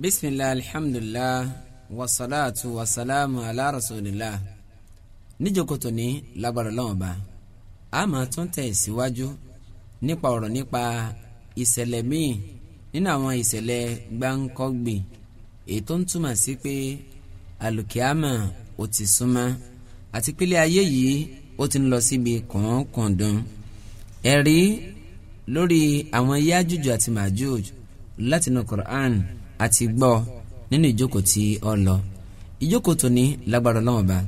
bisimilah alhamdulilah wasalaatu wasalaamu ala rasulillah níjókòtò ní lágbára lọ́wọ́ba a máa tún tẹ̀ síwájú nípa ọ̀rọ̀ nípa ìṣẹ̀lẹ̀ míì nínú àwọn ìṣẹ̀lẹ̀ gbáǹkọ́gbì ètò ń túmọ̀ sí pé alùkìámà ó ti súnmọ́ àti pílẹ̀ ayé yìí ó ti ń lọ síbi kọ̀ọ̀kọ̀ọ̀dún ẹ̀rí lórí àwọn Yájújù àti Májújù látinú Qur'an àti gbọ́ nínú ìjókòó tí ó lọ ìjókòó tòní lágbára Ọlọ́run bá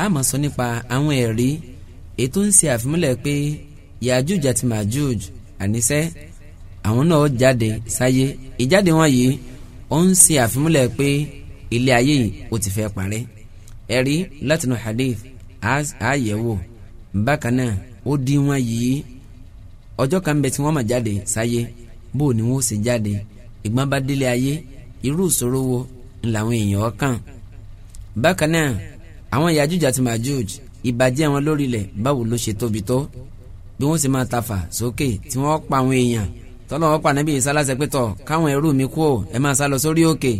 a máa sọ nípa àwọn ẹ̀rí ètò ń ṣe àfimúlẹ̀ pé Yàjúj àti Màjúj àníṣe àwọn náà jáde sáyé ìjáde wọn yìí ó ń ṣe àfimúlẹ̀ pé ilé ayé yìí ó ti fẹ́ parẹ́ ẹ̀rí látinú hadith àyẹ̀wò bákan náà ó dín wọn yìí ọjọ́ kan bẹ tí wọ́n máa jáde sáyé bó ni wọ́n ṣe jáde ìgbọ́n bá délé ayé irú ìṣòro wo làwọn èèyàn kàn bákan náà àwọn Yájúj àti Májúj ìbàjẹ́ wọn lórílẹ̀ báwo ló ṣe tóbi tó bí wọ́n sì máa tafà sókè tí wọ́n pa àwọn èèyàn tọ́lọ́ wọn pa níbi ìsálásẹ pẹ́tọ̀ káwọn ẹrú mi kú ò ẹ máa sá lọ sórí òkè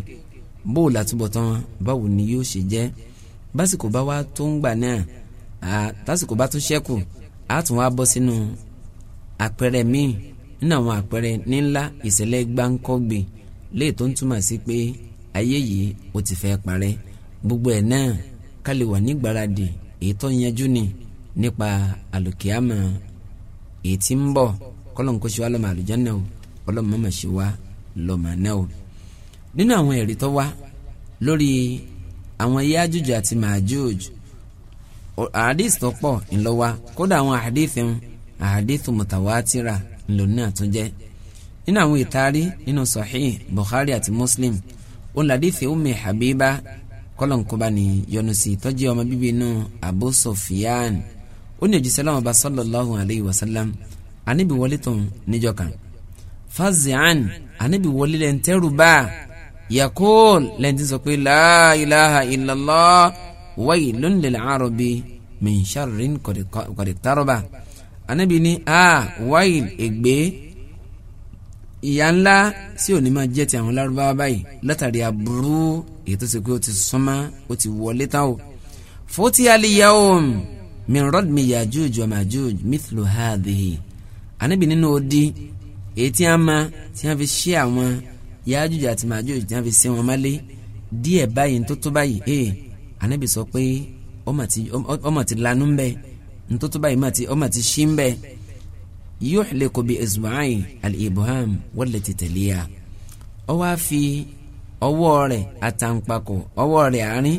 bó làtúbọ̀tán wọn báwo ni yóò ṣe jẹ́ básìkò bá wá tó ń gbà náà tásìkò bá tó ṣẹ́kù á tún wá bọ́ sínú àpẹẹrẹ míì nínú àwọn àpẹẹrẹ ńlá ìṣẹ̀lẹ̀ gbáǹkọ́gbè léè tó ń túmọ̀ sí pé ayé yìí ó ti fẹ́ parẹ́ gbogbo ẹ̀ náà ká lè wà nígbàradì èyí tó yanjú ni nípa àlùkìyàmà èyí tí ń bọ̀ kọ́lọ̀ ń kó ṣe wá lọ́mọ àlùjánnà o ọlọ́mọ mọ̀ ṣe wá lọ́mọ náà o. nínú àwọn ẹ̀rí tó wá lórí àwọn Yájújù àti Májújù àdìs tó pọ̀ ńlọ wá kódà àwọn àdìs ń àdìs mùtàwátìrà lòun náà tún jẹ́ nínú àwọn ìtaari nínú Sahih Bukhari àti Muslim ó ladíìsì Ummi Habiba kọ́lọ̀nkọ́ba ní yọ́nú sí tọ́jú ọmọ bíbí inú Abu Sufyan ó ní òjíṣẹ́ láwọn ọba sallallahu alayhi wa sallam ànábì wọlé tó ń níjọ kan fazian ànábì wọlé lẹ́ntẹ́rù bá yakol lẹ́ntì sọ pé la ilaha illallah waylun lil arabi min sharrin qad iqtaraba. Kod, anabi ní a ah, wáyìn ègbé ìyà ńlá sí òní máa jẹ́ ti àwọn lárúbáwá báyìí látàrí aburú èyí tó ṣe pé ó ti súnmọ́ ó ti wọlé tán o fótí aliyahum min radmi yajuj wa majuj mithlu hadhihi anabi nínú odi èyí tí a ma tí a fi ṣe àwọn yajuj àti majuj tí a fi ṣe wọn mọ́lé díẹ̀ báyìí tó tó báyìí ee eh, anabi sọ pé ọmọ ti lanú ń bẹ́ẹ̀ ntótó báyìí màtí ọmọ àti ṣí ń bẹ yuhliku bi isbu'ai al-ibham wallati taliya ó wá fi ọwọ́ rẹ̀ àtàǹpàkò ọwọ́ rẹ̀ àárín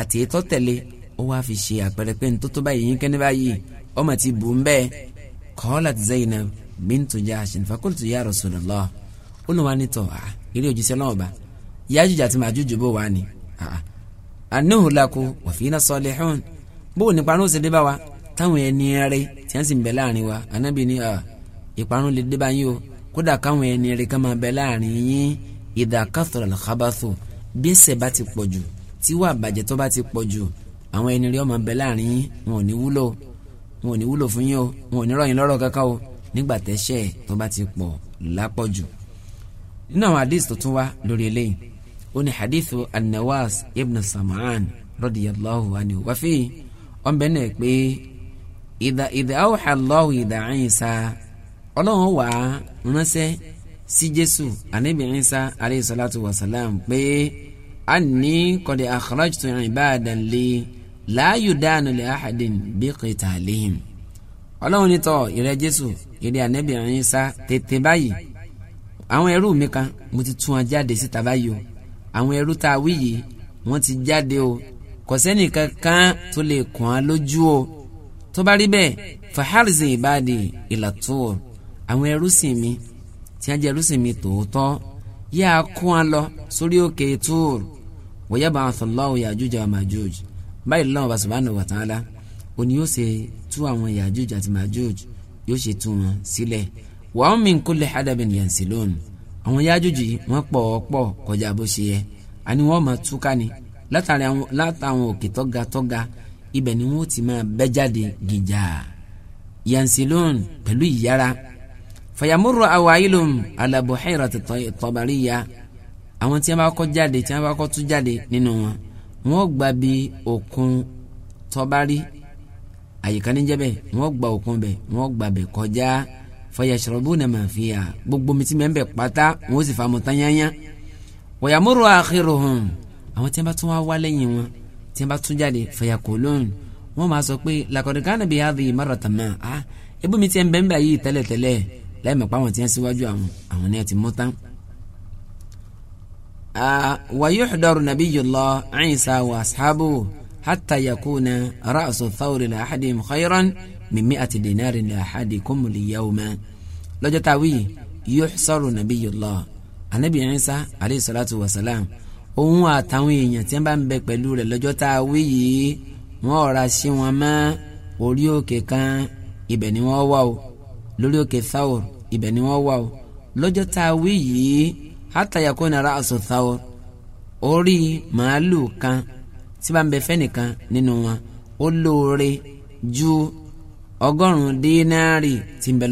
àti ètò tẹ̀lé ó wá fi ṣe àpẹẹrẹ pé ntótó báyìí yín kẹ́ni báyìí ọmọ àti bù ń bẹ qalat Zainab bintu Jahshin fakultu ya Rasulullah ó lọ wá nítọ̀ à eré òjíṣẹ́ náà bá Yájúj àti Májúj bó wà ní. àníhùn làkú wa fina salihun bó o nípa ní ó sì dé bá wa táwọn ẹni rẹ tí wọ́n sì ń bẹ láàrin wa anábì ni ìparun lè dé báyìí o kódà káwọn ẹni rẹ ká máa bẹ láàrin yín ìdá kásọ̀rọ̀ làkábàtò bí ẹ̀ṣẹ̀ bá ti pọ̀ jù tí wà bàjẹ́ tó bá ti pọ̀ jù àwọn ẹni rẹ ó máa bẹ láàrin yín wọn ò ní wúlò wọn ò ní wúlò fún yín o wọn ò ní rọyìn lọ́rọ̀ kankan o nígbà tẹ́ṣẹ̀ tó bá ti pọ̀ lápọ̀jù. nínú àwọn hadith tó tún wá lórí eléyìí ó ní hadithu an ibn Sam'an radiyallahu anhu wáfíì ọ̀nbẹ́ náà pé ìdà ìdà awha Allahu ìdà Ìsá ọlọ́run wà á ránṣẹ́ sí jésù ànábì Ìsá alayhi salatu wa salam pé anni qad akhrajtu ibadan li la yudanu li ahadin bi qitalihim ọlọ́run ní tọ́ ìrẹ́ jésù ìrẹ́ ànábì Ìsá tètè báyìí àwọn ẹrú mi kan mo ti tún wọn jáde síta báyìí o àwọn ẹrú tá a wí yìí wọ́n ti jáde o kò sẹ́nìkan tó lè kàn án lójú o tó bá rí bẹ́ẹ̀ fàhálìsì ìbáàdì ìlàtò àwọn ẹrúsìn mi tí a jẹ́ ẹrúsìn mi tòótọ́ yá a kó wọn lọ sórí òkè tóòr wọ́yẹ́ bá wọn sọ̀lọ́ òyà àjújà ọmọ àjòjì báyìí lọ́wọ́ bá subhanahu wa ta'ala òní yóò ṣe tú àwọn Yájúj àti Májúj yóò ṣe tú wọn sílẹ̀ wa hum min kulli hadabin yansilun àwọn Yájúj yìí wọ́n pọ̀ pọ̀ kọjá bó ṣe yẹ àní wọ́n máa túká ni látàrí àwọn òkè tọ́ga tọ́ga ibẹ̀ ni wọ́n ti máa bẹ́ jáde gìjà yansilon pẹ̀lú ìyára fayamuru àwáyílòm alábòhẹ́rà tọ̀bàríyà àwọn tí wọ́n bá kọ́ jáde tí wọ́n bá kọ́ tú jáde nínú wọn wọ́n gba bí òkun tọ́bárí àyíká níjẹ́bẹ̀ wọ́n gba òkun bẹ̀ wọ́n gba bẹ̀ kọjá fàyàṣọ̀rọ̀bù nàmà fìyà gbogbo mi ti mẹ́ńbẹ̀ pátá wọ́n sì fàmù tányányá wàyàmúrò àkérò hàn àwọn tí wọ́n bá tún wá wá lẹ́yìn wọn tí wọ́n bá tún jáde fẹ̀yàkó lóhùn wọ́n máa sọ pé làkọ̀dùkánà bíi adùn yìí mọ́rọ̀ tàmá a ebú mi ti ń bẹ́ńbà yìí tẹ́lẹ̀tẹ́lẹ̀ láì mọ̀ pé àwọn tí síwájú àwọn àwọn ni wọ́n ti mú tán. ويحضر نبي الله عيسى وأصحابه حتى يكون رأس الثور لأحدهم خيرا من مئة دينار لأحدكم اليوم lọ́jọ́ tá a wí yóò sọ̀rọ̀ nàbí yìí lọ anabi Isa aleyhi salatu wa òun àtàwọn èèyàn tí wọ́n bá ń bẹ pẹ̀lú rẹ̀ lọ́jọ́ tá a wí yìí wọ́n ọ̀ra sí wọn òkè kan ibẹ̀ ni wọ́n wà o lórí òkè Thawr ibẹ̀ ni wọ́n wà o lọ́jọ́ tá a wí yìí hátàyàkó nara àṣọ orí kan tí bá ń bẹ fẹ́nìkan nínú wọn ó lóore ju ọgọ́rùn-ún dínárì tí ń bẹ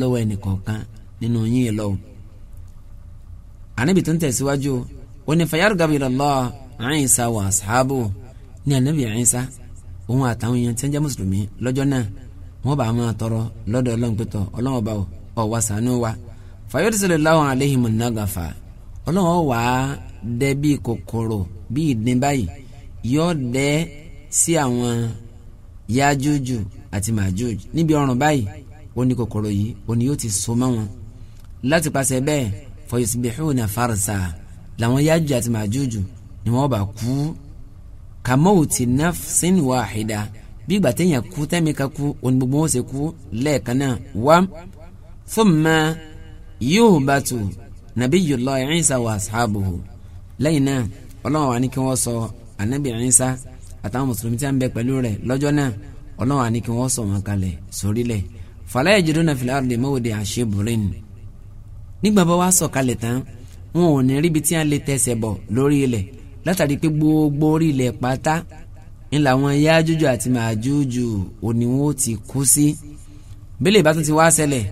nínú yín lọ́wọ́. àníbi tó òní fayar gabira lọ Isa wà sábò ní anabi Isa òun àtàwọn èèyàn tí wọ́n jẹ́ mùsùlùmí lọ́jọ́ náà wọ́n bá máa tọrọ lọ́dọ̀ Ọlọ́run pẹtọ Ọlọ́run ọ wá ṣàánú wa fayọrísẹlẹ láwọn aléhìmọ nàgàfà Ọlọ́run wà á dẹ bíi kòkòrò bíi ìdín báyìí yọ dẹ sí àwọn yájújù àti màjújù níbi ọrùn báyìí ó ní kòkòrò yìí ó ní yóò ti so mọ́ wọn láti pàṣẹ bẹ́ẹ̀ fọyọsibẹhùn náà fàrṣà làwọn yájú àti màjújù ni wọ́n bá kú kàmọ́ọ̀tì nafsin wàhídà bí ìgbà téèyàn kú tẹ́mìkà kú òní gbogbo wọn ṣe kú lẹ́ẹ̀kan náà wá thumma yuhbatu nabiyullahi Isa wa ashabuhu lẹ́yìn náà ọlọ́run wa ní kí wọ́n sọ anabi Isa àtàwọn mùsùlùmí tí a ń bẹ pẹ̀lú rẹ̀ lọ́jọ́ náà ọlọ́run wa ní kí wọ́n sọ wọn kalẹ̀ sórílẹ̀ fala yajiduna fil ardi wọn ò ní ríbi tí a lè tẹsẹ̀ bọ̀ lórí ilẹ̀ látàrí pé gbogbo orí ilẹ̀ pátá ń làwọn Yájújù àti Májújù òní wọn ó ti kú sí. bílẹ̀ ìbátan ti wá ṣẹlẹ̀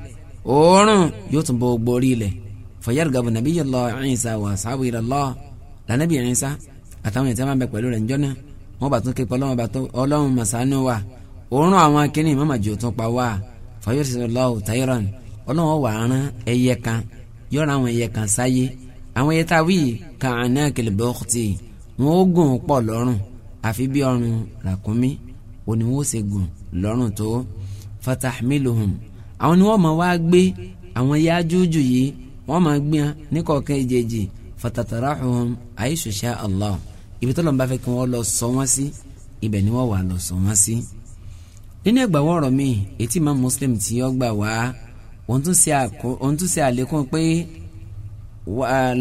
òórùn yóò tún bọ̀ gbogbo orí ilẹ̀ fayargabu nabiyullah Isa wa ashabu ilallah lànàbí Isa àtàwọn ìtẹ́ máa bẹ pẹ̀lú rẹ̀ ńjọ́ náà wọ́n bá tún ọlọ́run màsánú wa òórùn àwọn akínní mọ́màjò tún pa wá fayarisilaw tayran ọlọ́run wà á rán ẹyẹ kan yọ̀ọ́ àwọn yẹn ta wíì kan àná kìlìbọ̀ ọ̀kùtì wọn ó gùn pọ̀ lọ́rùn àfi bí ọrùn ràkúnmí òní wọn ó ṣe gùn lọ́rùn tó fatahmiluhum àwọn ni wọ́n máa wá gbé àwọn yájújù yìí wọ́n máa gbé wọn níkọ̀ọ̀kan ìjèjì fatatarahuhum aishu sha Allah ibi tó lọ́nba fẹ́ kí wọ́n lọ sọ wọ́n sí ibẹ̀ ni wọ́n wà lọ sọ wọ́n sí. nínú ẹgbà wọ́ọ̀rọ̀ mi etí imam muslim tí ó wá òun tún ṣe àlékún pé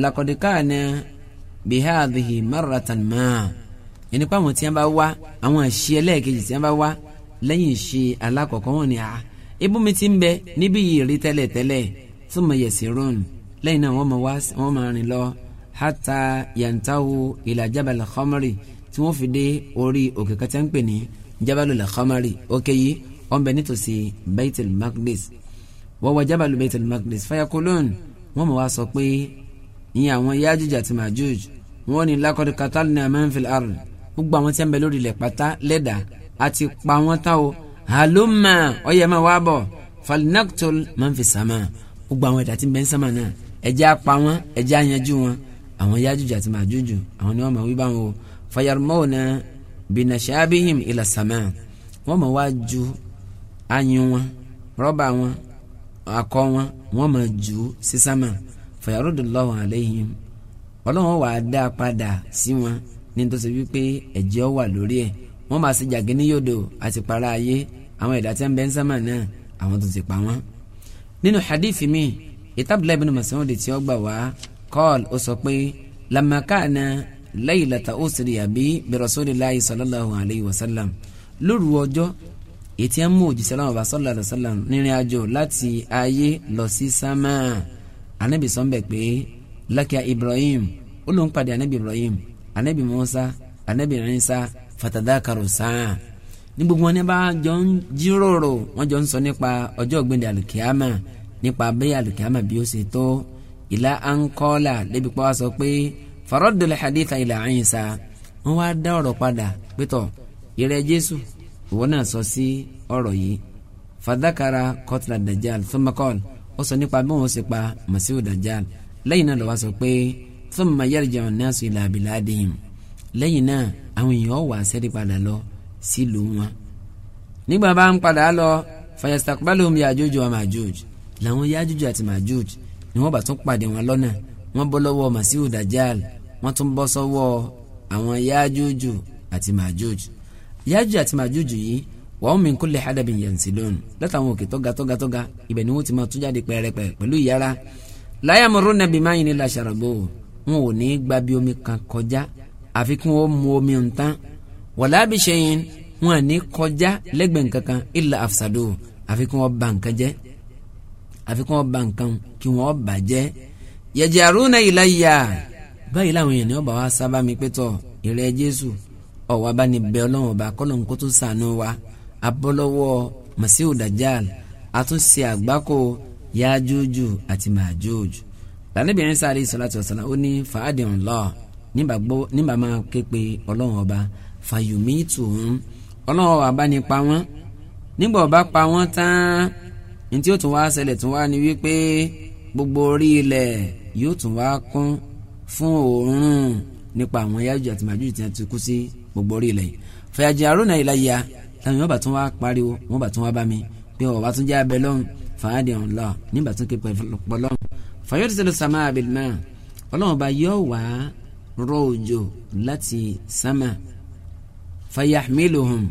laqad kana bihadhihi marratan ma ẹni pé àwọn tí wọ́n bá wá àwọn àṣì ẹlẹ́ẹ̀kejì tí wọ́n bá wá lẹ́yìn ìṣe alákọ̀ọ́kọ́ wọn ni à ah, ibú mi ti ń bẹ níbí yìí rí tẹ́lẹ̀ tẹ́lẹ̀ tó mọ yẹ̀sì rún lẹ́yìn náà wọ́n mọ wá wọ́n mọ rìn lọ hátà yantahu ila jabal khamri tí wọ́n fi dé orí òkè kẹtẹ́ ń pè ní jabalul khamri òkè yìí wọ́n bẹ nítòsí baitul maqdis wọ́n wọ jabalu baitul maqdis fayakulun wọ́n mọ wá sọ pé ìyẹn àwọn Yájúj àti Májúj wọ́n ní lakọ́dí katal ní amẹ́nfil arun gbogbo àwọn tí wọ́n bẹ lórí ilẹ̀ pátá lẹ́dà àti pa wọ́n tá o halumma ọyẹ máa wá bọ̀ falinakutol máa ń fi sàmà gbogbo àwọn ẹ̀dá tí ń bẹ ń sàmà náà ẹ̀jẹ̀ apá wọn ẹ̀jẹ̀ àyànjú wọn àwọn Yájúj àti Májúj àwọn ni wọ́n máa wí báwọn o fayarmọ́ọ̀nà binashabihim ila sàmà wọ́n máa wá ju ayùn wọn rọ́bà wọn akọ wọn wọ́n máa jù sí sàmà fayarudullahu alayhim ọlọ́run wàá dá a padà sí wọn ní tó ṣe wípé ẹ̀jẹ̀ wà lórí ẹ̀ wọ́n máa ṣe jàgé ní yòdò àti para ayé àwọn ẹ̀dá tí wọ́n bẹ ń sámà náà àwọn tó ti pa wọ́n. nínú hadith mi ìtàbílẹ̀ ibn Mas'ud tí ó gbà wá kọ́ọ̀l ó sọ pé lamakana laylata usriya bi bi rasulillahi sallallahu alayhi wa sallam lóru ọjọ́ ètí ẹ̀ mú òjì sallallahu anabi sọ bẹ́ẹ̀ pé lakia ibrahim ó ló ń pàdé anabi ibrahim anabi musa anabi isa fatadakaru sáà ní gbogbo wọn ní bá jọ ń jíròrò wọn jọ ń sọ nípa ọjọ́ ògbéǹde alùkìámà nípa bí alùkìámà bí ó ṣe tó ìlà ànkọ́là débi pa wá sọ pé faradul haditha ìlà Isa wọn wá dá ọ̀rọ̀ padà pétọ̀ ìrẹ́ jésù ìwọ náà sọ sí ọ̀rọ̀ yìí fadakara kotla dajjal thumakol ó sọ nípa bí wọ́n ṣe pa Masihu Dajjal lẹ́yìn náà ló wá sọ pé thumma yarji'u nnasu ila biladihim lẹ́yìn náà àwọn èèyàn wà sẹ́rí padà lọ sílùú wọn. nígbà bá ń padà lọ fayastaqbaluhum Ya'juj wa Ma'juj làwọn Ya'juj àti Ma'juj ni wọ́n bá tún pàdé wọn lọ́nà wọ́n bọ́ lọ́wọ́ Masihu Dajjal wọ́n tún bọ́ sọ́wọ́ àwọn Ya'juj àti Ma'juj Ya'juj àti Ma'juj yìí wa hum min kulli hadabin yansilun látàwọn òkè tọ́ga tọ́ga tọ́ga ibẹ̀ ni wọ́n ti máa tún jáde pẹ́ẹ́rẹ́pẹ́ pẹ̀lú ìyára la yamurruna bimayin illa sharabu wọn ò ní gba bí omi kan kọjá àfi kí wọ́n mu omi ntán wala bishayin wọn à ní kọjá lẹ́gbẹ̀ẹ́ nkankan illa afsadu àfi kí wọ́n ba nkan jẹ́ àfi kí wọ́n ba nkan kí wọ́n bàjẹ́ yaj'aluna ilayya báyìí làwọn èèyàn ní ọba wa sábà mi pé tọ ìrẹ Jésù ọwọ abánibẹ Ọlọ́run ọba kọlọǹkó tó sànú wa abọ́lọ́wọ́ masiu dajjal àtúnṣe àgbákò yájújù àti màjújù lànàbí ẹni sáré salatu wassalam ó ní fàádìrún lọ nígbà máa ké pe ọlọ́run ọba fàyùmí tù wọn ọlọ́run ọba bá ní pa wọ́n nígbà ọba pa wọ́n tán ní tí ó tún wá ṣẹlẹ̀ tún wá ní wípé gbogbo orí ilẹ̀ yóò tún wá kún fún òórùn nípa àwọn yájújù àti màjújù tí wọ́n ti kú sí gbogbo orí ilẹ̀ yìí fàyàjì àrùn náà ìlàyà táwọn yóò bá tún wá pariwo wọn bá tún wá bá mi pé ọba tún jẹ́ abẹ lọ́hùn fàádì ọ̀hún lọ nígbà tún ké pọ̀ lọ́hùn fàyọ́tì sẹ́lẹ̀ sàmà àbẹ̀lẹ́mà ọlọ́run bá yọ wá rọ òjò láti sàmà fàyàmílòhùn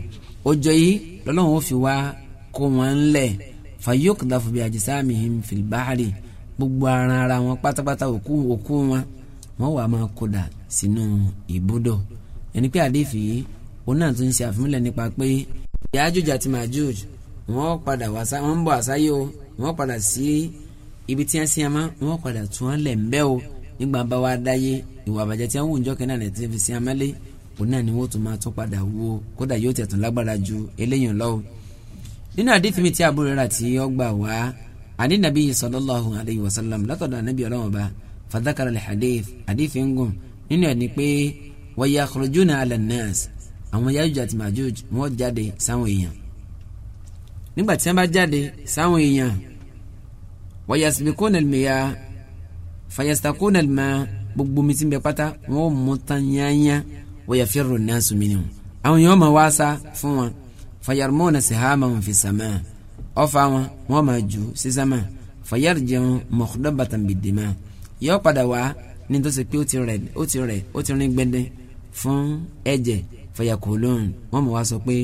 òjò yìí lọ́lọ́run ó fi wá kó wọn ńlẹ̀ fàyọ́kùdàfọ̀ bí àjẹsàmìhìn fìlbáàrì gbogbo ara ara wọn pátápátá òkú òkú wọn wọn wà máa kódà sínú ibùdó ẹni pé àdéfì yìí òun náà tún ń ṣe àfimúlẹ̀ nípa pé Yájúj àti Májúj wọ́n padà wá sá wọ́n ń bọ̀ àsáyé o wọ́n padà sí ibi tí wọ́n sí ẹmọ́ wọ́n padà tún wọn lẹ̀ ń bẹ́ o nígbà bá wa dáyé ìwà àbàjẹ́ tí wọ́n wù ń jọ́kẹ́ náà lẹ́tí fi sí amẹ́lé òun náà ni wọ́n tún máa tún padà wo kódà yóò tẹ̀tún lágbára ju eléyìí lọ o. nínú àdìsí tí àbúrò rà tí ó gbà wá àní nàbí sallallahu alayhi wa sallam látọ̀dọ̀ ànábì ọlọ́wọ́n ba hadith àdìsí ń gùn nínú ala an àwọn Yájùj àti Májùj wọ́n jáde sáwọn èèyàn nígbà tí wọ́n bá jáde sáwọn èèyàn wayasbikuna al-miyah fayastakuna al-mā' gbogbo omi tí ń bẹ pátá wọn ò mú tán yányá wayafirru an-nāsu minhu àwọn èèyàn máa wá sá fún wọn fayarmūna sihāmahum fi samā' ọfà wọn wọn máa jù sí sámà fayarji'u mukhdabatan bid-dimā' yóò padà wá ní tó ṣe pé ó ti rẹ̀ ó ti rẹ̀ ó ti rin gbẹ́ndẹ́ fún ẹ̀jẹ̀ fayakulun wọ́n mọ̀ wá sọ pé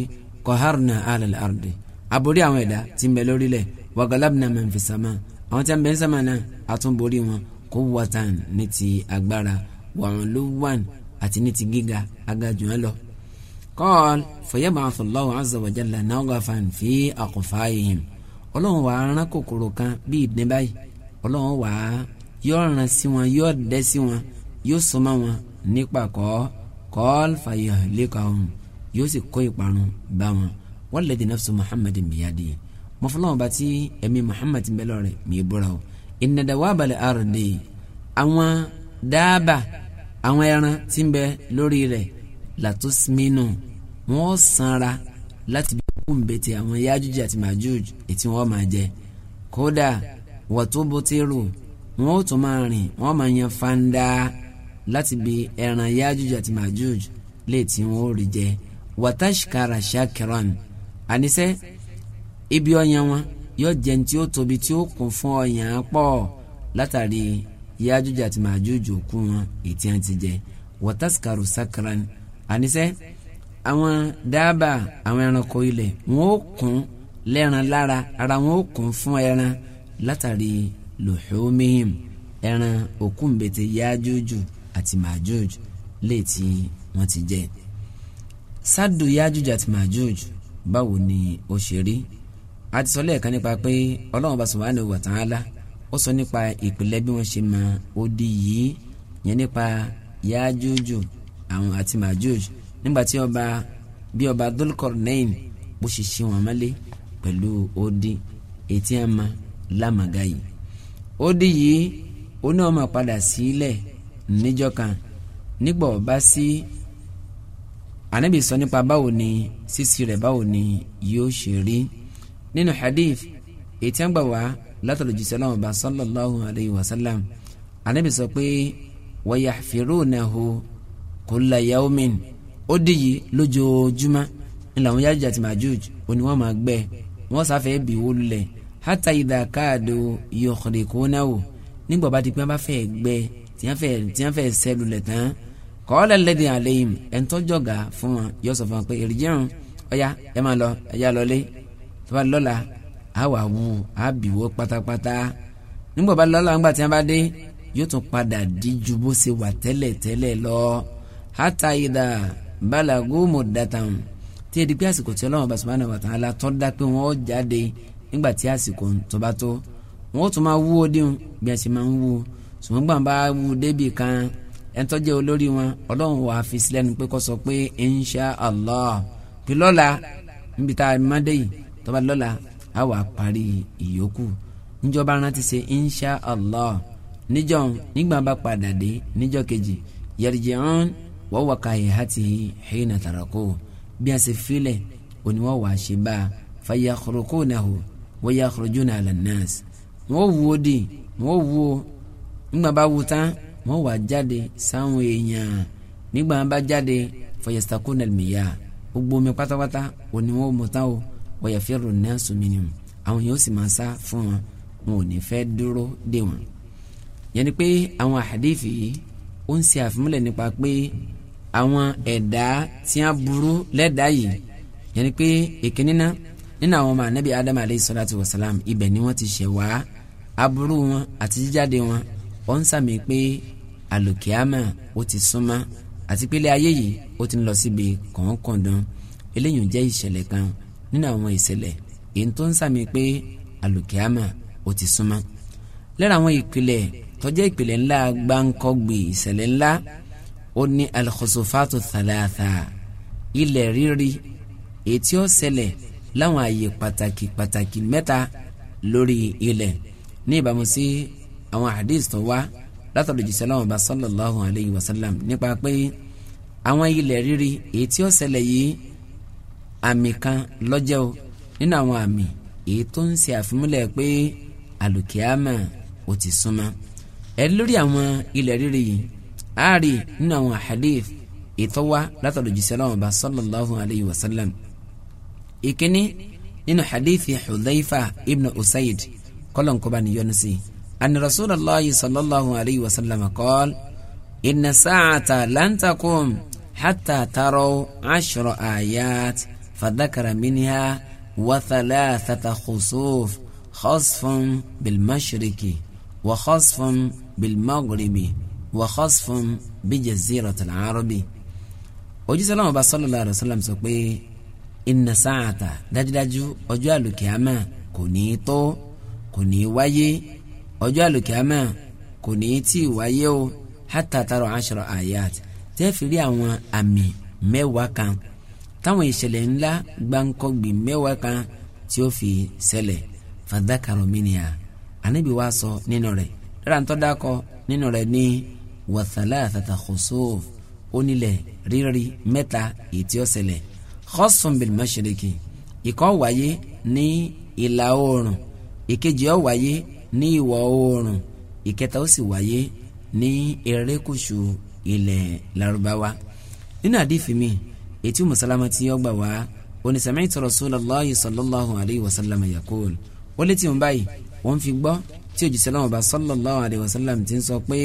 kọ́hárùnà alàlẹ́ àrùdì aborí àwọn ẹ̀dá tí ń bẹ lórílẹ̀ wagalabna man fi sama àwọn tí ń bẹ ń sama náà àtúnborí wọn kó wọ́tàn ní ti agbára wọ̀n ló wàn àti ní ti gíga agajù ẹ lọ. kọ́ọ̀l fayab'athu Allahu azza wa jalla náwgàfàn fi aqfayhim ọlọ́run wàá rán kòkòrò kan bí ìdín báyìí ọlọ́run wàá yóò rán sí wọn yóò dẹ́ sí wọn yóò sọ mọ́ wọn nípàkọ́ kọ́ọ́l fàyà lẹ́kọ̀ọ́hún yóò sì kó ìparun bá wọn wọ́n lè di nafsu muhammad bìyàdì mo fún lọ́wọ́ bá tí ẹ̀mí muhammad ń bẹ lọ́rẹ̀ mi ì búra o ìnàdàwọ́ abalẹ̀ àròdè àwọn dáàbà àwọn ẹran tí ń bẹ lórí rẹ̀ làtúnṣmínú wọ́n sanra láti bí kú mbètè àwọn yájújì àti màjúj ètí wọ́n máa jẹ kódà wọ́n tó bó wọ́n ó máa rìn wọ́n máa yan fanda láti bi ẹran yájúj àti màjúj léè tí wọn ò rí jẹ wàtàṣkara ṣàkìrán àníṣe ibi ọyàn wọn yóò jẹ ní tí ó tóbi tí ó kún fún ọyàn pọ̀ látàrí yájúj àti màjúj òkú wọn ètí wọn ti jẹ wàtàṣkaru ṣàkìrán àníṣe àwọn dáàbà àwọn ẹranko ilẹ̀ wọn ó kún lẹ́ran lára ara wọn ó kún fún ẹran látàrí lùhùmíhìm ẹran òkú ń bètè yájújù àti Majuj léè tí wọ́n ti jẹ́ sádù Yajuj àti Majuj báwo ni ó ṣe rí a ti sọ lẹ́ẹ̀kan nípa pé ọlọ́run bá subhanahu wa ta'ala ó sọ nípa ìpìlẹ̀ bí wọ́n ṣe mọ odi yìí yẹn nípa Yajuj àwọn àti Majuj nígbà tí ọba bí ọba Dhul-Qarnayn bó ṣe ṣe wọn mọ́lé pẹ̀lú odi etí ama lámàgá yìí odi yìí ó ní ọmọ padà sílẹ̀ si níjọ́ kan nígbà ọba sí ànábì sọ nípa báwo ni sísí rẹ̀ báwo ni yóò ṣe rí nínú hadith ètí àgbà wá látọ̀lù jùsọ̀ náà ọba sallallahu alayhi wa sallam ànábì sọ pé wa yahfirunahu kulla yawmin ó dì yìí lójoojúmọ́ ńlá wọn Yájúj àti Májúj òní wọn máa gbẹ́ wọn sáfẹ́ bí wó lulẹ̀ hátà idha kaadu yukhriqunahu nígbà bá ti pẹ́ bá fẹ́ tíyàn fẹ́ sẹ́lu lẹ̀ tán kọ́ọ́lẹ̀ lẹ́dí àlẹ́yìn ẹ̀ńtọ́jọ̀gà fún wọn yóò sọ fún wọn pé èrìjìrún ọ̀yá ẹ máa lọ ẹ̀yà lọlé tó bá lọ́la á wà wù á bìwó pátápátá nígbà bá lọ́la ńgbà tí wọ́n bá dé yóò tún padà díjú bó ṣe wà tẹ́lẹ̀ tẹ́lẹ̀ lọ hátà ìdá balagu muddatan tí edi pé àsìkò tí Ọlọ́run subhanahu wa ta'ala tọ́ da pé wọ́n jáde nígbà tí àsìkò tó bá tó wọ́n tún máa wú ó dín bí a ṣe máa wú ó ṣùgbọ́n gbàǹbá wù débì kan ẹ̀ńtọ́jẹ́ olórí wọn ọlọ́run wà á fi sílẹ̀ ní pé kó sọ pé insha allah pé lọ́la níbi tá a mọ́dé yìí tọ́ba lọ́la á wà á parí ìyókù níjọba rántí ṣe insha allah níjọ nígbà bá padà dé níjọ kejì yarji'un wa wakayhatihi hina tarako bí a ṣe filẹ̀ oníwọ̀n wà á ṣe bá a fayakhruqunahu wa yakhrujuna ala nnas wọ́n wúwo dì wọ́n wúwo nígbà bá wù tán wọ́n wà jáde sáwọn èèyàn nígbà bá jáde fọyẹsítàkù nàlmìyà gbogbo omi pátápátá òní wọn ò mọ tán o wọ̀yẹ̀fẹ́ rò ní àsomínú àwọn yóò sì máa sá fún wọn wọn ò ní fẹ́ dúró dè wọn. yẹn pé àwọn àhàdífì yìí ó ń ṣe àfimúlẹ̀ nípa pé àwọn ẹ̀dá tí a burú lẹ́dàá yìí yẹn ni pé èkíní náà nínú àwọn ọmọ anabi adam aleyhi salatu wa salam ibẹ̀ ni wọ́n ti ṣẹ̀ wá aburú wọn àti jíjáde wọn ó ń sàmì pé àlùkìámà ó ti súnmọ́ àti pé ilé ayé yìí ó ti ń lọ síbi kọ̀ọ̀kọ̀ọ̀dán eléyìí jẹ́ ìṣẹ̀lẹ̀ kan nínú àwọn ìṣẹ̀lẹ̀ èyí tó ń sàmì pé àlùkìámà ó ti súnmọ́ lára àwọn ìpìlẹ̀ tó jẹ́ ìpìlẹ̀ ńlá gbáǹkọ́gbì ìṣẹ̀lẹ̀ ńlá ó ní alkhosofatu thalatha ilẹ̀ ríri èyí ó ṣẹlẹ̀ láwọn àyè pàtàkì pàtàkì mẹ́ta lórí ilẹ̀ ní ìbámu sí àwọn hadith tó wá látọ̀dọ̀ jìṣẹ́ láwọn ọba sallallahu alayhi wa sallam nípa pé àwọn ilẹ̀ rírí èyí tí ó ṣẹlẹ̀ yìí àmì kan lọ́jọ́ o nínú àwọn àmì èyí tó ń ṣe àfimúlẹ̀ pé alùkìámà ò ti súnmọ́ ẹ lórí àwọn ilẹ̀ rírí yìí àárí nínú àwọn hadith ìtọ́wá látọ̀dọ̀ jìṣẹ́ láwọn ọba sallallahu alayhi wa sallam ìkíní nínú hadithi Hudhaifa ibn Usaid kọ́lọ̀ ń kọ́ bá sí i. أن رسول الله صلى الله عليه وسلم قال إن الساعة لن تقوم حتى تروا عشر آيات فذكر منها وثلاثة خسوف خصف بالمشرق وخصف بالمغرب وخصف بجزيرة العرب òjíṣẹ́ náà صلى الله عليه وسلم sọ pé inna sa'ata dájúdájú ọjọ́ àlùkìyàmà kò ní ọjọ́ àlùkìámà kò ní í tí ì wáyé o hátà tààrọ̀ aṣọ̀rọ̀ àyàt tẹ́ fi rí àwọn àmì mẹ́wàá kan táwọn ìṣẹ̀lẹ̀ ńlá gbáǹkọ́gbì mẹ́wàá kan tí ó fi ṣẹlẹ̀ fàdákàrọ̀ mìnìyà ànábì wa sọ nínú rẹ̀ dára ń tọ́da kọ nínú rẹ̀ ní wàtálà àtàtà khusuf onílẹ̀ rírí mẹ́ta ètí ó ṣẹlẹ̀ khusum bil mashriqi ìkọ́ wáyé ní ìlà oòrùn ìkejì ó wáyé ní ìwọ̀ oòrùn ìkẹta ó sì wáyé ní erékùṣù ilẹ̀ Lárúbáwá nínú àdìfí mi ètí mùsàlámà tí ó gbà wá onísàmìtì Rasulullahi sallallahu alayhi wa sallam yakul ó létí wọn báyìí wọn fi gbọ́ tí òjìṣẹ́ láwọn ọba sallallahu alayhi wa sallam ti ń sọ pé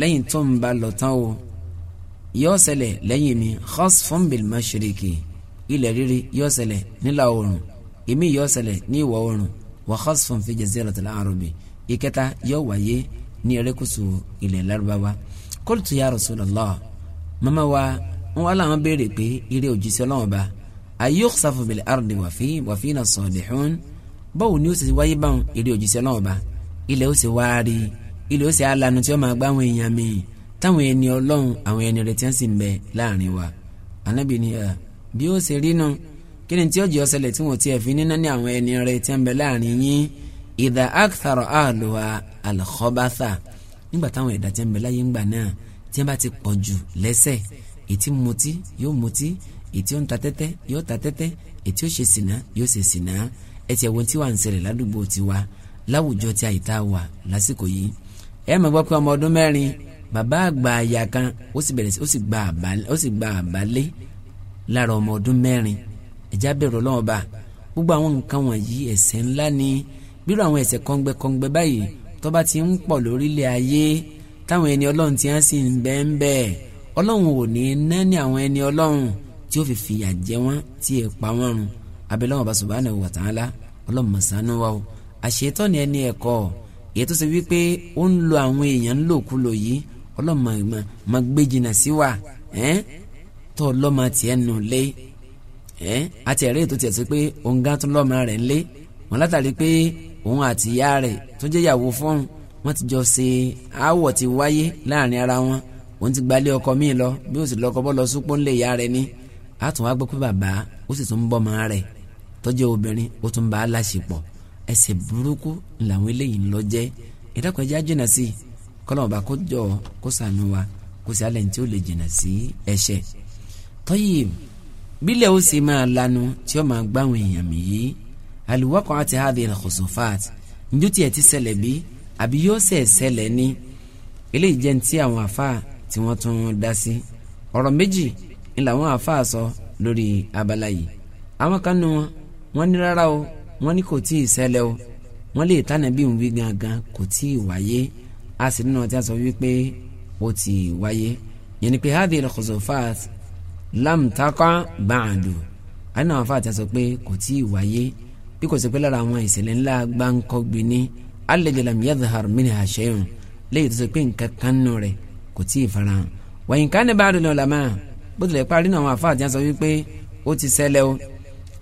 lẹ́yìn tó ń ba lọ tán o yóò ṣẹlẹ̀ lẹ́yìn mi khasfun bil mashriqi ilẹ̀ rírí yóò ṣẹlẹ̀ nílà oòrùn èmi yóò ṣẹlẹ̀ ní ìwọ̀ oòrùn wa khasfun fi jaziratil arabi ìkẹta yóò wáyé ní erékùsù ilẹ̀ Lárúbáwá qultu ya Rasulullah mama wa wọn wá làwọn béèrè pé eré òjíṣẹ́ Ọlọ́run ba ayukhsafu bil ardi wa fi wa fina salihun báwo ni ó sì wáyé báwọn eré òjíṣẹ́ Ọlọ́run ba ilẹ̀ ó sì wá rí ilẹ̀ ó sì alanu tí ó máa gbá àwọn èèyàn mi táwọn ẹni Ọlọ́run àwọn ẹni rẹ̀ tí wọ́n sì ń bẹ láàrin wa Ànábì bí ó ṣe rí náà kí ni tí ó jẹ́ ọ̀sẹ̀lẹ̀ tí wọ́n ti ẹ̀fín nínú ní àwọn ẹni rẹ̀ tí ń bẹ láàrin yín ìdá aktharo àlùwà alkhobatha nígbà táwọn ẹ̀dá tí ń bẹ láyé ńgbà náà tí wọ́n bá ti pọ̀ jù lẹ́sẹ̀ ètí mutí yóò mutí ètí ó ń ta tẹ́tẹ́ yóò ta tẹ́tẹ́ ètí ó ṣe sìnà yóò ṣe sìnà ẹtì ẹ̀wọ̀n tí wà ń ṣẹlẹ̀ ládùúgbò tiwa láwùjọ tí àyíká wà lásìkò yìí ẹ ẹ̀já bẹ̀rù ọlọ́wọ́n bá gbogbo àwọn nǹkan wọ̀nyí ẹ̀ṣẹ̀ ńlá ni bírò àwọn ẹ̀ṣẹ̀ kọ́ngbẹ́kọ́ngbẹ́ báyìí tó bá ti ń pọ̀ lórílẹ̀ ayé táwọn ẹni ọlọ́run ti hàn sí ń bẹ́ẹ̀ ń bẹ́ẹ̀ ọlọ́run ò ní náni àwọn ẹni ọlọ́run tí ó fi fìyà jẹ wọ́n tí ẹ̀ pa wọ́n run abẹ́lẹ́wọ̀n bá subhanahu wa ta'ala ọlọ́run mọ̀sánú wa o àṣetọ́ ni ẹni ẹ̀kọ́ èyí tó ṣe wípé ó ń lo àwọn èèyàn ńlòkulò yìí ọlọ́run máa gbé jìnnà sí wa ẹ́ tó ọlọ́mọ tiẹ̀ nù ẹ́ àti ẹ̀rí ètò tiẹ̀ sí pé òun gán tún lọ́mọ rẹ̀ ńlé wọn látàrí pé òun àti ìyá rẹ̀ tó jẹ́ ìyàwó fún wọn ti jọ ṣe aáwọ̀ ti wáyé láàrin ara wọn òun ti gbalé ọkọ míì lọ bí ó sì lọkọ bọ́ lọ súpọ́ ńlé ìyá rẹ̀ ní àtún wá gbọ́ pé bàbá ó sì tún ń bọ́mọ rẹ̀ tó obìnrin ó tún bá a láṣepọ̀ ẹsẹ̀ burúkú làwọn eléyìí ń lọ jẹ́ ìdákan bílẹ̀ ó sì máa lanu tí ó máa gbáwọn èèyàn mi yìí àlùwọ́kọ̀ àti hadhi al-khusufat njó tiẹ̀ ti ṣẹlẹ̀ bí àbí yóò ṣẹ̀ ṣẹlẹ̀ ní eléyìí jẹ́ ti àwọn àfa tí wọ́n tún dá sí ọ̀rọ̀ méjì ni làwọn àfa sọ lórí abala yìí àwọn kan nu wọn wọn ní rárá o wọn ní kò tí ì ṣẹlẹ̀ o wọn lè tànà bí n wí gangan kò tí ì wáyé a sì nínú ọtí a wípé ó ti wáyé yẹn ni pé hadhi al lámùtákà gbàǹdù àyìnà àwọn afáàtà sọ pé kò tí ì wáyé bí kò sí pé lára àwọn ìṣẹ̀lẹ̀ ńlá gbáǹkọ́gbé ní alladhi lam yadhhar minha shay'un lẹ́yìn tó sọ pé nǹkan kan nù rẹ̀ kò tí ì farahàn wọ̀nyí ká ní báàdùn lọ́la máa bó tilẹ̀ parí náà àwọn afáàtì sọ wípé ó ti ṣẹlẹ̀ o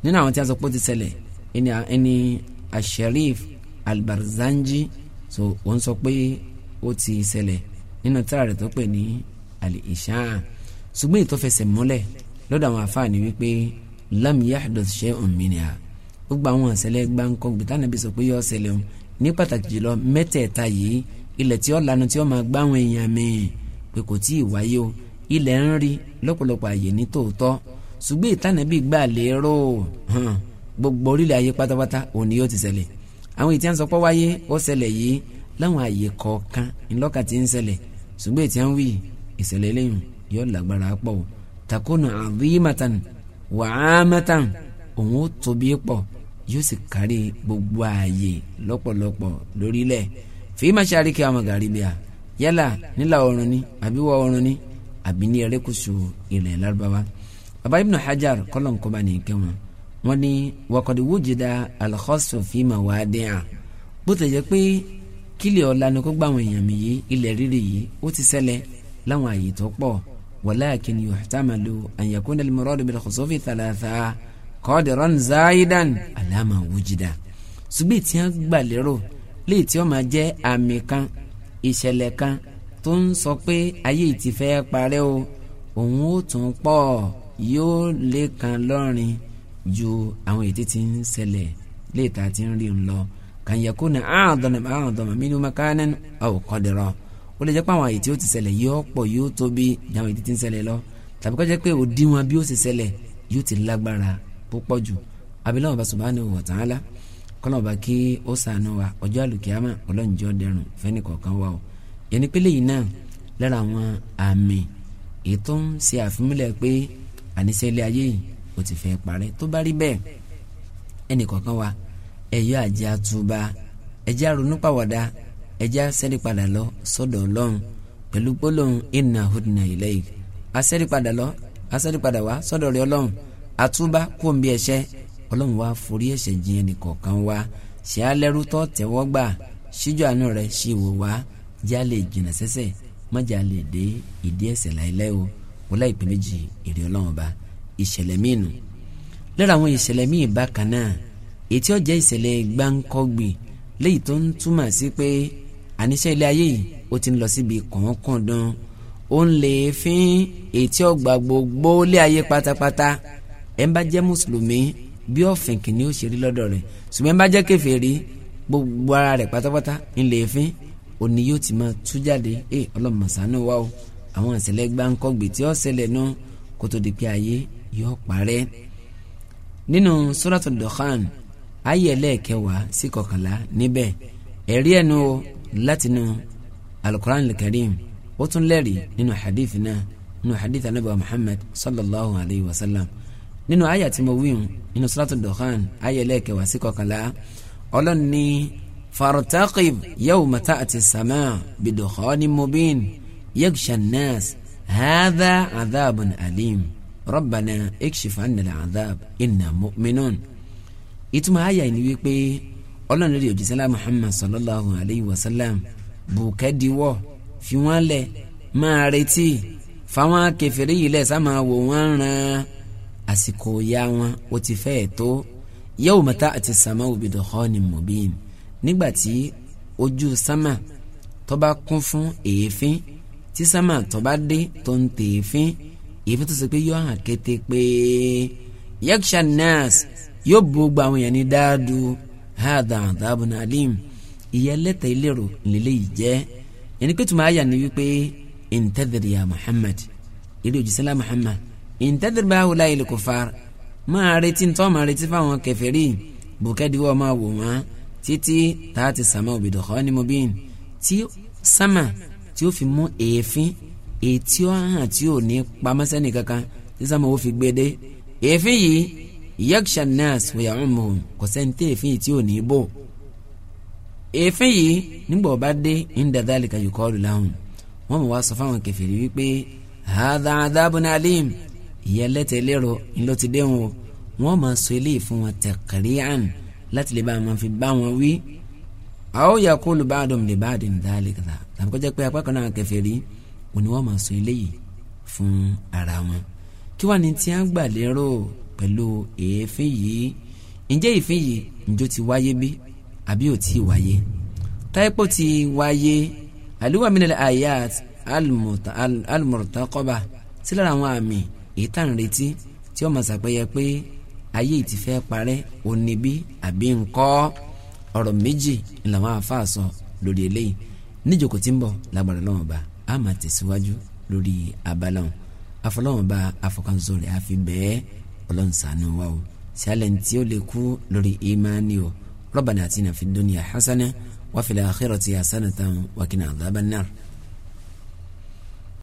nínú àwọn tí a sọ pé ó ti ṣẹlẹ̀ ẹni asherif albarzanji so òun sọ pé ó ti ṣẹlẹ̀ nínú tíra rẹ̀ tó pè ní al ṣùgbọ́n ìtọ́fẹsẹ̀ múlẹ̀ lọ́dọ̀ àwọn àfáàní wípé lam yahduth shay'un minha gbogbo àwọn àṣẹlẹ̀ gbáǹkọ́ gbìtánàbí sọ pé yọ ṣẹlẹ̀ òun ní pàtàkì jùlọ mẹ́tẹ̀ẹ̀ta yìí ilẹ̀ tí ó lanu tí ó máa gbáwọn èèyàn míì pé kò tí ì wáyé o ilẹ̀ ń rí lọ́pọ̀lọpọ̀ àyè ní tòótọ́ ṣùgbọ́n ìtànàbí gbà lérò gbogbo orílẹ̀ ayé pátápátá òní yóò ti ṣẹlẹ̀ àwọn ìtí à ń sọ pé wáyé ó ṣẹlẹ̀ yìí láwọn àyè kọ̀ọ̀kan ńlọ́kà ti ń ṣẹlẹ̀ ṣùgbọ́n ìtí à ń wí ìṣẹ̀lẹ̀ lẹ́yìn yóò lágbára pọ̀ o takuna azimatan wa amatan òun ó tóbi pọ̀ yóò sì kárí gbogbo ààyè lọ́pọ̀lọpọ̀ lórílẹ̀ fi mashariki amagaribia yálà nílà oòrùn ni àbí wọ̀ oòrùn ni àbí ní erékùṣù ilẹ̀ lárúbáwá baba ibn hajar kọ́lọ̀ ń kọ́ba nìkẹ́ wọn wọ́n ní wakọ̀dí wújìdá alkhọ́sù fíìmà wàá dín à bó ti jẹ́ pé kílẹ̀ ọ̀la kó gbà èèyàn mi yìí ilẹ̀ rírì yìí ó ti ṣẹlẹ̀ láwọn àyè tó pọ̀ ولكن yuhtamalu أن يكون المراد muradu ثلاثة khusufi thalatha على ما وجد. سبيت ṣùgbọ́n tí wọ́n gbà lérò léè tí wọ́n máa jẹ́ àmì kan ìṣẹ̀lẹ̀ kan tó ń sọ pé ayé ti fẹ́ parẹ́ o òun ó tún pọ̀ yóò lé kan lọ́rin ju àwọn ètí tí ń ṣẹlẹ̀ léè ti ń rí ń lọ kan yakuna a'dama a'dama minhu makanan aw ó lè jẹ́ pé àwọn àyè tí ó ti ṣẹlẹ̀ yóò pọ̀ yóò tóbi jáwọn èdè tí ń ṣẹlẹ̀ lọ tàbí kó jẹ́ pé òdiwọ̀n bí ó ti ṣẹlẹ̀ yóò ti lágbára púpọ̀ jù abiláwọ̀ bá subhanahu wa ta'ala kọ́lọ̀ bá kí ó sànù wa ọjọ́ àlùkìyàmà ọlọ́njọ́ dẹrùn fẹ́ni kọ̀ọ̀kan wa o yẹn ni pélé yìí náà lára àwọn àmì ètò ń ṣe àfimúlẹ̀ pé àníṣe ilé ayé yìí ó ti fẹ́ parẹ́ tó bá rí bẹ́ẹ̀ ẹnì kọ̀ọ̀kan wa ẹ̀yọ́ àjẹ́ àtúbà ẹ̀jẹ̀ àrònúpàwọ̀dá ẹjẹ́ asẹ́rí padà lọ sọ́dọ̀ ọlọ́run pẹ̀lú gbólóhùn inna hudna ilayk asẹ́rí padà lọ asẹ́rí padà wá sọ́dọ̀ rẹ ọlọ́run àtúbá kó n bí ẹ̀ṣẹ̀ ọlọ́run wá forí ẹ̀ṣẹ̀ jiyàn nìkọ̀ọ̀kan wá ṣe á lẹ́rú tọ́ tẹ́wọ́ gbà ṣíjú àánú rẹ ṣì wò wá já lè jìnà sẹ́sẹ̀ má já lè dé ìdí ẹ̀ṣẹ̀ láìláì o wọlé ìpè méjì èrè ọlọ́run ọba ìṣẹ̀lẹ̀ míì nù àwọn ìṣẹ̀lẹ̀ míì bákan náà ètí ọ̀jẹ̀ ìṣẹ̀lẹ̀ gbáǹkọ́gbì léyìí tó ń túmọ̀ sí pé àníṣe ilé ayé yìí ó ti ń lọ síbi kọ̀ọ̀kọ̀ọ̀dán ó ń lè fín ètí ọgbà gbogbo ilé ayé pátápátá ẹ̀ ń bá jẹ́ mùsùlùmí bí ọ̀fìn kìíní ó ṣe rí lọ́dọ̀ rẹ̀ ṣùgbọ́n ẹ̀ ń bá jẹ́ kèfèrí gbogbo ara rẹ̀ pátápátá ń lè fín òní yóò ti máa tú jáde ẹ ọlọ́mọ sànú wa o àwọn àṣẹlẹ̀ gbáǹkọ́gbè tí ó ṣẹlẹ̀ náà kó tó di pé ayé yóò parẹ́ nínú Suratul Dukhan ayé ẹlẹ́ẹ̀kẹwàá sí kọkànlá níbẹ̀ ẹ̀rí ẹnu látinú alukur'an karim ó tún lẹ́rìí nínú hadith náà nínú hadith anabi muhammad sallallahu alayhi wa sallam nínú àyà tí mo wí nínú suratu dukhan àyà ẹlẹ́kẹ̀wá sí kọkànlá ọlọ́run ní fartaqib yawma ta'ti samaa bidukhanin mubin yaghsha an-nas hadha adhabun alim rabbana ikshif 'anna al-'adhab inna mu'minun ìtumọ̀ àyà ni wípé ọlọ́run lórí òjíṣẹ́ muhammad sallallahu alayhi wa sallam bùkẹ́díwọ̀ fi wọ́n lẹ̀ máa retí fáwọn kẹfìrí yìí lẹ̀ sáà máa wò wọ́n ràn àsìkò ya wọn ó ti fẹ́ẹ̀ tó yẹ́wò mẹ́ta àti sàmà òbídò họ́ọ̀nì mọ̀bíìn nígbà tí ojú sámà tó bá kún fún èéfín tí sámà tó bá dé tó ń tèéfín èéfín tó sọ pé yóò hàn pé yaksha nas yóò bu gbogbo yẹn ní dáadu hadha adhabun alim ìyà ẹlẹ́tẹ̀ ìlérò lélẹ́yìí jẹ́ yẹn pé tùmọ̀ àyà ni wípé intadhiri ya Muhammad ilé òjísẹ́lá Muhammad intadhiri báwo láyé lè kó fara máa retí ntọ́ máa retí fáwọn kèfèrí bùkẹ́dìwọ́ máa wò wọ́n títí tààtì sàmà òbìdọ̀kọ́ ni mo bí n tí sàmà tí ó fi mú èéfín ètí ọ̀hán tí ò ní pamẹ́sẹ́nì kankan tí sàmà ó fi gbé dé èéfín yìí yaksha nas wòye ọmọhùn kò sẹ́ńté èéfín tí ò ní bò èéfín yìí nígbà ọba dé ń dàda àlìkà yòókọ́ ọ̀rù láwùn wọ́n mọ̀ wá sọ fáwọn kẹfìrí wípé hadha adhabun alim ìyá ẹlẹ́tẹ̀ẹ́lẹ́rọ ńlọ ti dé wọn wọ́n máa sọ eléyìí fún wọn taqri'an láti lè bá wọn fi bá wọn wí. aw yaqulu ba'dum li ba'din dhalika tàbí kọjá pé apá kan náà kẹfìrí òní wọ́n máa sọ eléyìí fún ara wọn. kí wàá ní tí a gbà lérò pẹ̀lú èéfín yìí ǹjẹ́ ìfín yìí ǹjọ́ ti wáyé bí àbí ò tí ì wáyé táìpọ̀ ti wáyé àlùwà min al-ayat al-murtaqaba sí lára àwọn àmì èyí tá à ń retí tí ó máa ṣàpẹyẹ pé ayé ti fẹ́ parẹ́ òní bí àbí ńkọ́ ọ̀rọ̀ méjì làwọn àáfàá sọ lórí eléyìí níjókòó tí ń bọ̀ lágbára lọ́wọ́ bá a máa tẹ̀síwájú lórí abala wọn afọlọ́wọ́n bá afọkànṣó rẹ̀ àfi bẹ́ẹ̀ ọlọ́run ṣàánú wa o ṣàlẹ̀ tí ó lè kú lórí ìmánì o rabbana atina fid dunya hasana wa fil akhirati hasanatan wa qina adhaban nar.